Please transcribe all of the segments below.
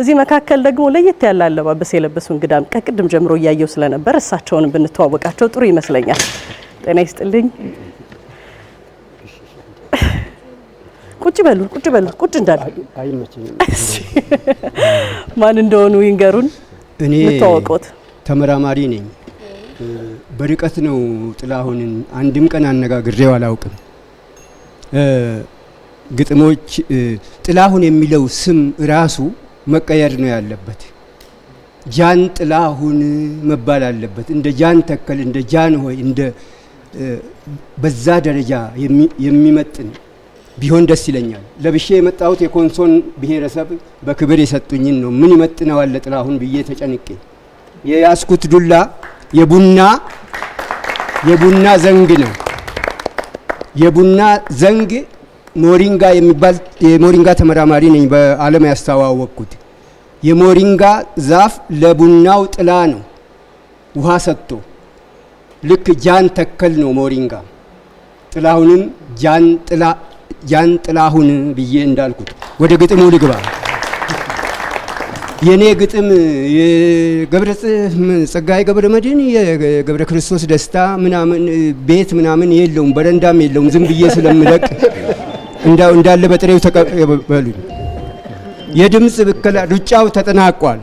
እዚህ መካከል ደግሞ ለየት ያለ አለባበስ የለበሱ እንግዳም ከቅድም ጀምሮ እያየው ስለነበር እሳቸውን ብንተዋወቃቸው ጥሩ ይመስለኛል። ጤና ይስጥልኝ። ቁጭ በሉ፣ ቁጭ በሉ፣ ቁጭ እንዳሉ። ማን እንደሆኑ ይንገሩን። እኔ የምተዋወቁት ተመራማሪ ነኝ። በርቀት ነው ጥላሁንን አንድም ቀን አነጋግሬው አላውቅም። ግጥሞች ጥላሁን የሚለው ስም ራሱ መቀየር ነው ያለበት። ጃን ጥላሁን መባል አለበት። እንደ ጃን ተከል፣ እንደ ጃን ሆይ እንደ በዛ ደረጃ የሚመጥን ቢሆን ደስ ይለኛል። ለብሼ የመጣሁት የኮንሶን ብሔረሰብ በክብር የሰጡኝን ነው። ምን ይመጥነዋል ለጥላሁን ብዬ ተጨንቄ የያስኩት ዱላ የቡና የቡና ዘንግ ነው። የቡና ዘንግ ሞሪንጋ የሚባል የሞሪንጋ ተመራማሪ ነኝ በዓለም ያስተዋወቅኩት። የሞሪንጋ ዛፍ ለቡናው ጥላ ነው ውሃ ሰጥቶ ልክ ጃን ተከል ነው ሞሪንጋ። ጥላሁንም ጃን ጥላሁን ብዬ እንዳልኩት ወደ ግጥሙ ልግባ። የእኔ ግጥም ጸጋዬ ገብረ መድኅን የገብረ ክርስቶስ ደስታ ምናምን ቤት ምናምን የለውም፣ በረንዳም የለውም ዝም ብዬ ስለምለቅ እንዳለ በጥሬው ተቀበሉኝ። የድምፅ ብከላ ሩጫው ተጠናቋል።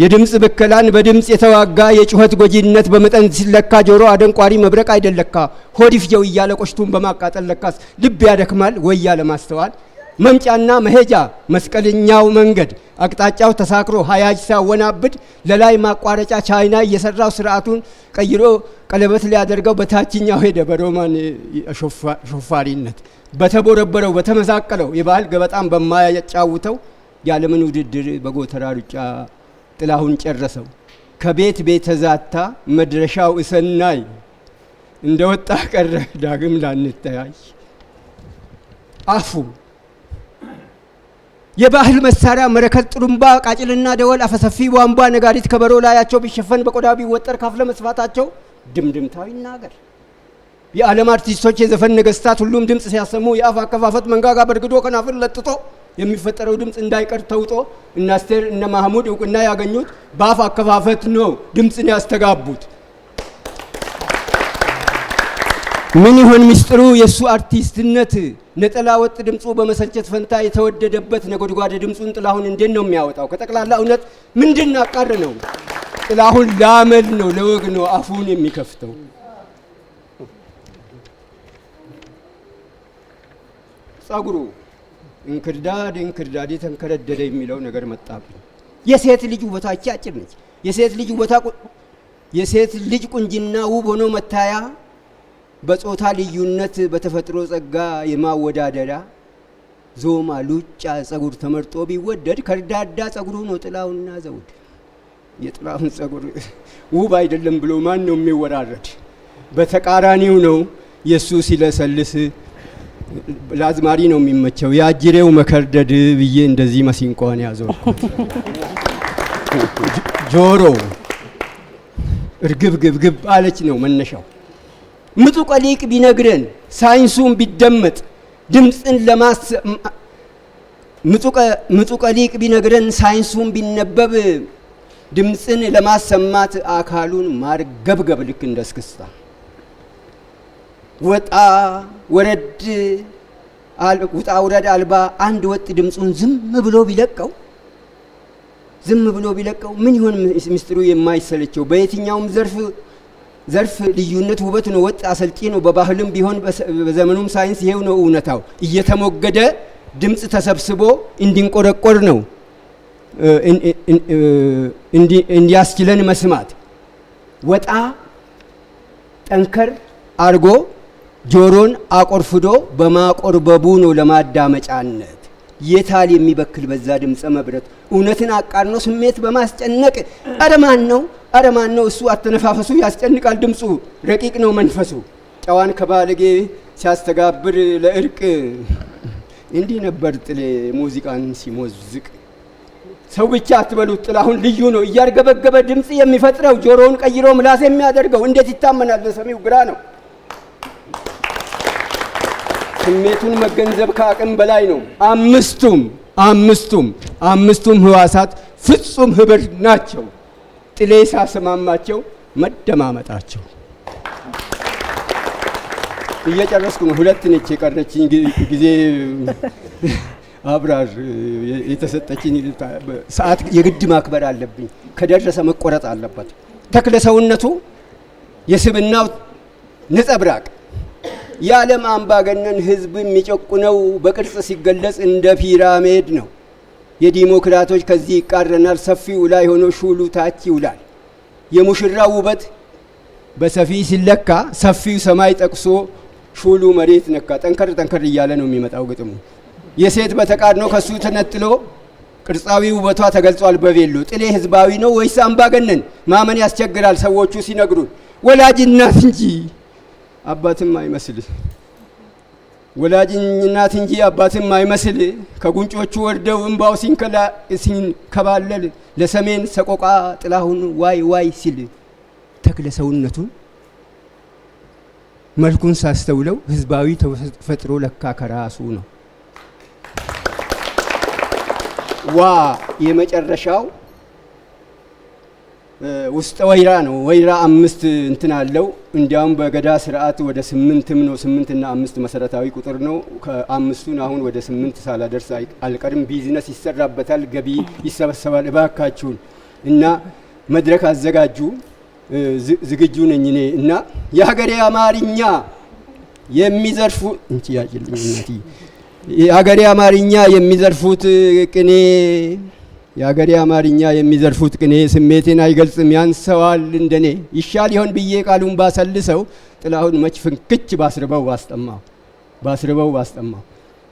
የድምፅ ብከላን በድምፅ የተዋጋ የጩኸት ጎጂነት በመጠን ሲለካ ጆሮ አደንቋሪ መብረቅ አይደለካ ሆድ ፍየው እያለ ቆሽቱን በማቃጠል ለካስ ልብ ያደክማል ወያ ለማስተዋል መምጫና መሄጃ መስቀልኛው መንገድ አቅጣጫው ተሳክሮ ሀያጅ ሳወናብድ ለላይ ማቋረጫ ቻይና እየሰራው ስርዓቱን ቀይሮ ቀለበት ሊያደርገው በታችኛው ሄደ። በሮማን ሾፋሪነት በተቦረበረው በተመሳቀለው የባህል ገበጣም በማያጫውተው የዓለምን ውድድር በጎተራ ሩጫ ጥላሁን ጨረሰው። ከቤት ቤተዛታ መድረሻው እሰናይ እንደ ወጣ ቀረ ዳግም ላንተያይ። አፉ የባህል መሳሪያ መረከት፣ ጥሩምባ፣ ቃጭልና ደወል፣ አፈሰፊ፣ ቧንቧ፣ ነጋሪት፣ ከበሮ ላያቸው ቢሸፈን በቆዳ ቢወጠር ካፍለ መስፋታቸው ድምድምታው ይናገር። የዓለም አርቲስቶች፣ የዘፈን ነገስታት ሁሉም ድምፅ ሲያሰሙ የአፍ አከፋፈት መንጋጋ በርግዶ ከናፍር ለጥጦ የሚፈጠረው ድምፅ እንዳይቀር ተውጦ እነ አስቴር እነ ማህሙድ እውቅና ያገኙት በአፍ አከፋፈት ነው። ድምፅን ያስተጋቡት ምን ይሆን ሚስጥሩ የእሱ አርቲስትነት ነጠላ ወጥ ድምፁ በመሰልቸት ፈንታ የተወደደበት ነጎድጓደ ድምፁን ጥላሁን እንዴት ነው የሚያወጣው? ከጠቅላላ እውነት ምንድን አቃር ነው? ጥላሁን ለአመል ነው፣ ለወግ ነው አፉን የሚከፍተው። ጸጉሩ እንክርዳድ እንክርዳድ የተንከረደደ የሚለው ነገር መጣብኝ። የሴት ልጅ ውበታች አጭር ነች። የሴት ልጅ ውበታ የሴት ልጅ ቁንጅና ውብ ሆኖ መታያ በጾታ ልዩነት በተፈጥሮ ጸጋ የማወዳደሪያ ዞማ ሉጫ ጸጉር ተመርጦ ቢወደድ ከርዳዳ ጸጉሩ ነው ጥላውና ዘውድ የጥላሁን ጸጉር ውብ አይደለም ብሎ ማን ነው የሚወራረድ? በተቃራኒው ነው የእሱ ሲለሰልስ ለአዝማሪ ነው የሚመቸው። የአጅሬው መከርደድ ብዬ እንደዚህ መሲንቋን ያዘው ጆሮ እርግብ ግብ አለች ነው መነሻው። ምጡቀ ሊቅ ቢነግረን ሳይንሱን ቢደመጥ ድምፅን ለማስ ምጡቀ ሊቅ ቢነግረን ሳይንሱን ቢነበብ ድምፅን ለማሰማት አካሉን ማርገብገብ ልክ እንደ እስክስታ ወጣ ወረድ ውጣ ውረድ አልባ አንድ ወጥ ድምፁን ዝም ብሎ ቢለቀው ዝም ብሎ ቢለቀው ምን ይሆን ምስጢሩ የማይሰለቸው? በየትኛውም ዘርፍ ዘርፍ ልዩነት ውበት ነው። ወጥ አሰልጤ ነው። በባህልም ቢሆን በዘመኑም ሳይንስ ይሄው ነው እውነታው። እየተሞገደ ድምፅ ተሰብስቦ እንዲንቆረቆር ነው። እንዲያስችለን መስማት ወጣ ጠንከር አድርጎ ጆሮን አቆርፍዶ በማቆርበቡ ነው ለማዳመጫነት የታል የሚበክል በዛ ድምፀ መብረት እውነትን አቃርኖ ስሜት በማስጨነቅ አረማን ነው አረማን ነው እሱ አተነፋፈሱ ያስጨንቃል ድምፁ ረቂቅ ነው መንፈሱ ጨዋን ከባለጌ ሲያስተጋብር ለእርቅ እንዲህ ነበር ጥሌ ሙዚቃን ሲሞዝቅ ሰው ብቻ አትበሉት፣ ጥላሁን ልዩ ነው። እያርገበገበ ድምፅ የሚፈጥረው ጆሮውን ቀይሮ ምላስ የሚያደርገው እንዴት ይታመናል? በሰሚው ግራ ነው። ስሜቱን መገንዘብ ከአቅም በላይ ነው። አምስቱም አምስቱም አምስቱም ህዋሳት ፍጹም ህብር ናቸው። ጥሌ ሳስማማቸው መደማመጣቸው እየጨረስኩ ነው። ሁለት ነች የቀረችኝ ጊዜ አብራር የተሰጠችኝ ሰዓት የግድ ማክበር አለብኝ። ከደረሰ መቆረጥ አለበት። ተክለ ሰውነቱ የስብናው ነጸብራቅ የዓለም አምባገነን ሕዝብ የሚጨቁነው በቅርጽ ሲገለጽ እንደ ፒራሚድ ነው። የዲሞክራቶች ከዚህ ይቃረናል። ሰፊው ላይ ሆኖ ሹሉ ታች ይውላል። የሙሽራው ውበት በሰፊ ሲለካ ሰፊው ሰማይ ጠቅሶ ሹሉ መሬት ነካ። ጠንከር ጠንከር እያለ ነው የሚመጣው ግጥሙ። የሴት በተቃድኖ ከሱ ተነጥሎ ቅርጻዊ ውበቷ ተገልጿል በቬሎ። ጥሌ ህዝባዊ ነው ወይስ አምባገነን? ማመን ያስቸግራል ሰዎቹ ሲነግሩን። ወላጅ እናት እንጂ አባትም አይመስል ወላጅ እናት እንጂ አባትም አይመስል ከጉንጮቹ ወርደው እንባው ሲንከባለል ለሰሜን ሰቆቃ ጥላሁን ዋይ ዋይ ሲል ተክለ ሰውነቱን መልኩን ሳስተውለው ህዝባዊ ተፈጥሮ ለካ ከራሱ ነው። ዋ የመጨረሻው ውስጥ ወይራ ነው። ወይራ አምስት እንትን አለው። እንዲያውም በገዳ ስርዓት ወደ ስምንትም ነው። ስምንትና አምስት መሰረታዊ ቁጥር ነው። ከአምስቱን አሁን ወደ ስምንት ሳላደርስ አልቀርም። ቢዝነስ ይሰራበታል፣ ገቢ ይሰበሰባል። እባካችሁን እና መድረክ አዘጋጁ። ዝግጁ ነኝ እኔ እና የሀገሬ አማርኛ የሚዘርፉ እንቺ የአገሬ አማርኛ የሚዘርፉት ቅኔ የአገሬ አማርኛ የሚዘርፉት ቅኔ ስሜቴን አይገልጽም፣ ያንሰዋል እንደኔ። ይሻል ይሆን ብዬ ቃሉን ባሰልሰው ጥላሁን መች ፍንክች ባስርበው ባስጠማው ባስርበው ባስጠማው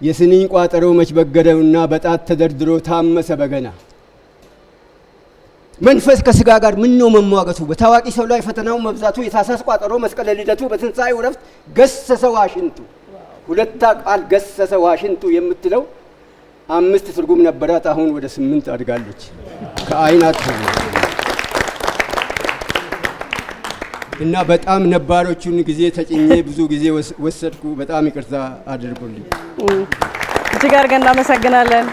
የስንኝ ቋጠሮ መች በገደውና በጣት ተደርድሮ ታመሰ በገና። መንፈስ ከስጋ ጋር ምን ነው መሟገቱ? በታዋቂ ሰው ላይ ፈተናው መብዛቱ፣ የታሳስ ቋጠሮ መስቀለ ልደቱ፣ በትንሣኤው ረፍት ገሰሰው አሽንቱ ሁለታ ቃል ገሰሰ ዋሽንቱ የምትለው አምስት ትርጉም ነበራት። አሁን ወደ ስምንት አድጋለች። ከአይናት እና በጣም ነባሮቹን ጊዜ ተጭኜ ብዙ ጊዜ ወሰድኩ። በጣም ይቅርታ አድርጉልኝ። እጅግ አድርገን እናመሰግናለን።